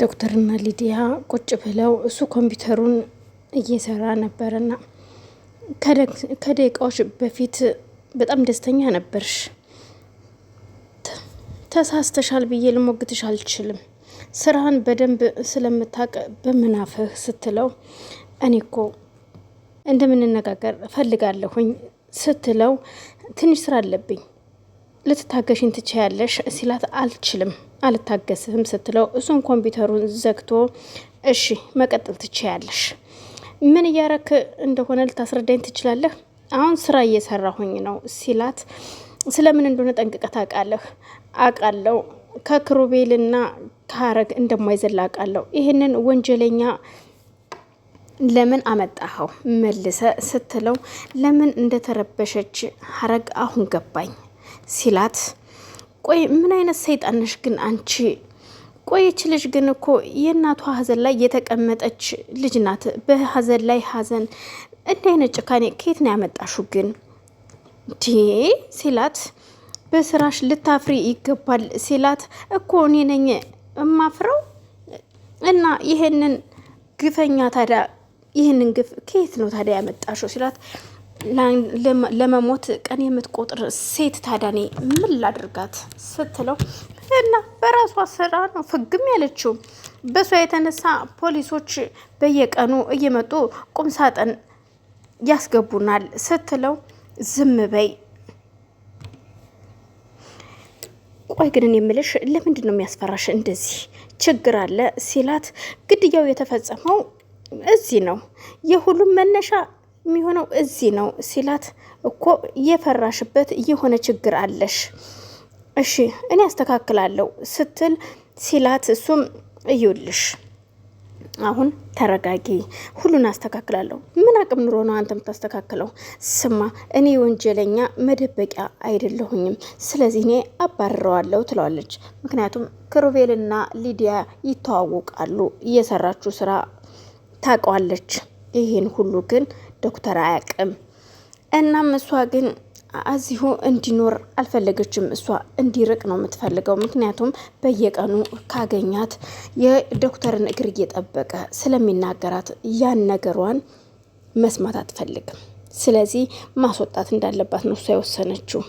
ዶክተርና ሊዲያ ቁጭ ብለው እሱ ኮምፒውተሩን እየሰራ ነበርና ከደቂቃዎች በፊት በጣም ደስተኛ ነበርሽ። ተሳስተሻል ብዬ ልሞግትሽ አልችልም። ስራህን በደንብ ስለምታውቅ በምናፍህ ስትለው እኔ እኮ እንደምንነጋገር ፈልጋለሁኝ ስትለው ትንሽ ስራ አለብኝ ልትታገሽኝ ትችያለሽ ሲላት አልችልም አልታገስህም ስትለው እሱን ኮምፒውተሩን ዘግቶ እሺ መቀጠል ትችያለሽ ምን እያረክ እንደሆነ ልታስረዳኝ ትችላለህ አሁን ስራ እየሰራሁኝ ነው ሲላት ስለምን እንደሆነ ጠንቅቀህ ታውቃለህ አውቃለሁ ከክሩቤልና ከሀረግ እንደማይዘል አውቃለሁ ይህንን ወንጀለኛ ለምን አመጣኸው መልሰ ስትለው ለምን እንደተረበሸች ሀረግ አሁን ገባኝ ሲላት ቆይ ምን አይነት ሰይጣንሽ ግን አንቺ ቆየች ልጅ ግን እኮ የእናቷ ሀዘን ላይ የተቀመጠች ልጅ ናት። በሀዘን ላይ ሀዘን እንዲህ አይነት ጭካኔ ከየት ነው ያመጣሹ ግን ዲ ሲላት በስራሽ ልታፍሪ ይገባል ሲላት እኮ እኔ ነኝ እማፍረው እና ይህንን ግፈኛ ታዲያ ይህንን ግፍ ከየት ነው ታዲያ ያመጣሹ ሲላት ለመሞት ቀን የምትቆጥር ሴት ታዳኔ ምን ላድርጋት ስትለው እና በራሷ ስራ ነው ፍግም ያለችው። በሷ የተነሳ ፖሊሶች በየቀኑ እየመጡ ቁምሳጥን ያስገቡናል ስትለው ዝም በይ። ቆይ ግን እኔ የምልሽ ለምንድን ነው የሚያስፈራሽ? እንደዚህ ችግር አለ ሲላት ግድያው የተፈጸመው እዚህ ነው የሁሉም መነሻ የሚሆነው እዚህ ነው ሲላት እኮ የፈራሽበት የሆነ ችግር አለሽ፣ እሺ እኔ አስተካክላለሁ ስትል ሲላት እሱም እዩልሽ አሁን ተረጋጊ፣ ሁሉን አስተካክላለሁ። ምን አቅም ኑሮ ነው አንተ የምታስተካክለው? ስማ እኔ ወንጀለኛ መደበቂያ አይደለሁኝም፣ ስለዚህ እኔ አባርረዋለሁ ትለዋለች። ምክንያቱም ክሩቤልና ሊዲያ ይተዋወቃሉ፣ እየሰራችው ስራ ታውቀዋለች። ይህን ሁሉ ግን ዶክተር አያውቅም። እናም እሷ ግን እዚሁ እንዲኖር አልፈለገችም። እሷ እንዲርቅ ነው የምትፈልገው። ምክንያቱም በየቀኑ ካገኛት የዶክተርን እግር እየጠበቀ ስለሚናገራት ያን ነገሯን መስማት አትፈልግም። ስለዚህ ማስወጣት እንዳለባት ነው እሷ የወሰነችው።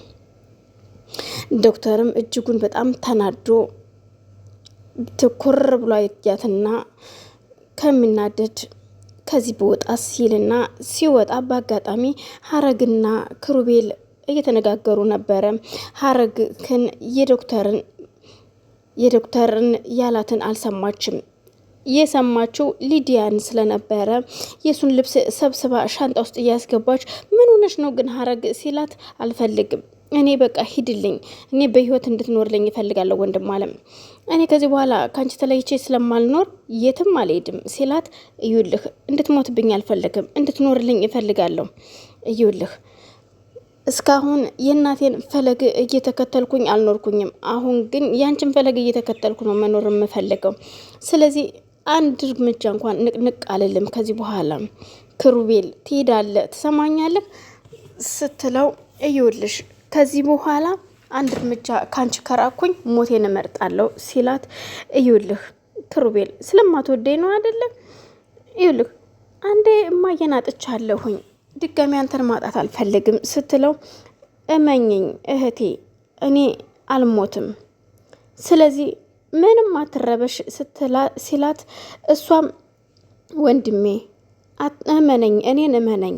ዶክተርም እጅጉን በጣም ተናዶ ትኩር ብሎ አያትና ከሚናደድ ከዚህ በወጣ ሲልና ሲወጣ በአጋጣሚ ሀረግና ክሩቤል እየተነጋገሩ ነበረ። ሀረግ ክን የዶክተርን የዶክተርን ያላትን አልሰማችም። የሰማችው ሊዲያን ስለነበረ የእሱን ልብስ ሰብስባ ሻንጣ ውስጥ እያስገባች ምን ሆነች ነው ግን ሀረግ ሲላት አልፈልግም እኔ በቃ ሂድልኝ፣ እኔ በህይወት እንድትኖርልኝ ይፈልጋለሁ ወንድም አለም። እኔ ከዚህ በኋላ ከአንቺ ተለይቼ ስለማልኖር የትም አልሄድም ሲላት፣ እዩልህ እንድትሞትብኝ አልፈልግም፣ እንድትኖርልኝ ይፈልጋለሁ። እዩልህ እስካሁን የእናቴን ፈለግ እየተከተልኩኝ አልኖርኩኝም። አሁን ግን ያንቺን ፈለግ እየተከተልኩ ነው መኖር የምፈልገው። ስለዚህ አንድ እርምጃ እንኳን ንቅንቅ አልልም ከዚህ በኋላ። ክሩቤል ትሄዳለህ፣ ትሰማኛለህ ስትለው እዩልሽ ከዚህ በኋላ አንድ እርምጃ ከአንቺ ከራኩኝ ሞቴን እመርጣለሁ ሲላት፣ እዩልህ ክሩቤል ስለማትወደኝ ነው አይደለም? እዩልህ አንዴ እማዬን አጥቻለሁኝ ድጋሚ አንተን ማጣት አልፈልግም ስትለው፣ እመኝኝ እህቴ እኔ አልሞትም፣ ስለዚህ ምንም አትረበሽ ሲላት፣ እሷም ወንድሜ እመነኝ፣ እኔን እመነኝ።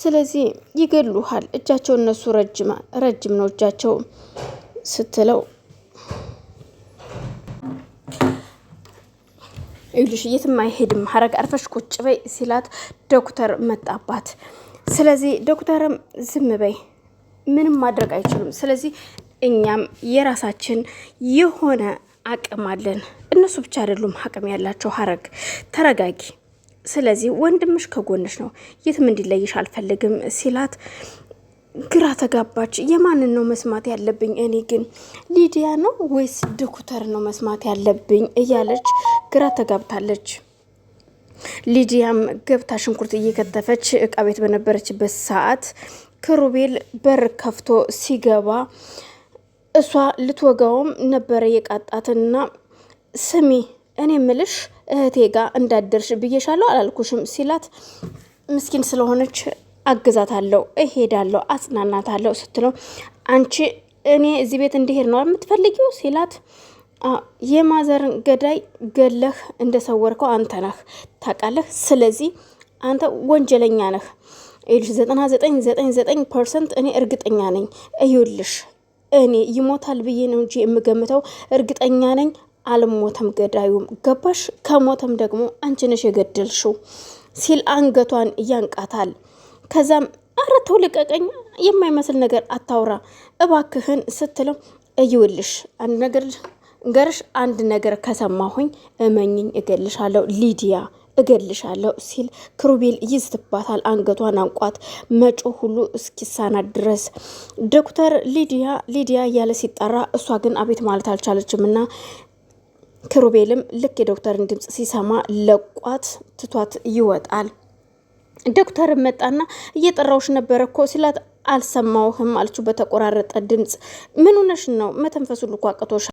ስለዚህ ይገሉሃል፣ እጃቸው እነሱ ረጅም ነው እጃቸው ስትለው ይሉሽ የትም አይሄድም ሀረግ አርፈሽ ቁጭ በይ ሲላት ዶክተር መጣባት። ስለዚህ ዶክተርም ዝም በይ ምንም ማድረግ አይችሉም። ስለዚህ እኛም የራሳችን የሆነ አቅም አለን። እነሱ ብቻ አይደሉም አቅም ያላቸው። ሀረግ ተረጋጊ ስለዚህ ወንድምሽ ከጎንሽ ነው፣ የትም እንዲለይሽ አልፈልግም ሲላት ግራ ተጋባች። የማንን ነው መስማት ያለብኝ? እኔ ግን ሊዲያ ነው ወይስ ድኩተር ነው መስማት ያለብኝ? እያለች ግራ ተጋብታለች። ሊዲያም ገብታ ሽንኩርት እየከተፈች እቃ ቤት በነበረችበት ሰዓት ክሩቤል በር ከፍቶ ሲገባ እሷ ልትወጋውም ነበረ የቃጣትና ስሚ እኔ ምልሽ እህቴ ጋር እንዳደርሽ ብዬሻለሁ አላልኩሽም ሲላት ምስኪን ስለሆነች አግዛታለሁ፣ እሄዳለሁ፣ አጽናናታለሁ ስትለው አንቺ እኔ እዚህ ቤት እንዲሄድ ነው የምትፈልጊው ሲላት የማዘርን ገዳይ ገለህ እንደሰወርከው አንተ ነህ ታውቃለህ። ስለዚህ አንተ ወንጀለኛ ነህ። ይኸውልሽ ዘጠና ዘጠኝ ዘጠኝ ዘጠኝ ፐርሰንት እኔ እርግጠኛ ነኝ። ይኸውልሽ እኔ ይሞታል ብዬ ነው እንጂ የምገምተው እርግጠኛ ነኝ አልሞተም ገዳዩም ገባሽ፣ ከሞተም ደግሞ አንቺ ነሽ የገደልሽው ሲል አንገቷን እያንቃታል። ከዛም ኧረ ተው ልቀቀኝ፣ የማይመስል ነገር አታውራ እባክህን ስትለው እይውልሽ አንድ ነገር ገርሽ አንድ ነገር ከሰማሁኝ እመኝኝ እገልሻለሁ ሊዲያ እገልሻለሁ ሲል ክሩቤል ይዝትባታል። አንገቷን አንቋት መጮ ሁሉ እስኪሳናት ድረስ ዶክተር ሊዲያ ሊዲያ እያለ ሲጠራ እሷ ግን አቤት ማለት አልቻለችም እና ክሩቤልም ልክ የዶክተርን ድምፅ ሲሰማ ለቋት ትቷት ይወጣል። ዶክተር መጣና እየጠራውሽ ነበረ እኮ ሲላት አልሰማውህም አለችው በተቆራረጠ ድምፅ። ምን ሆነሽ ነው? መተንፈሱ ልኳ አቅቶሻል።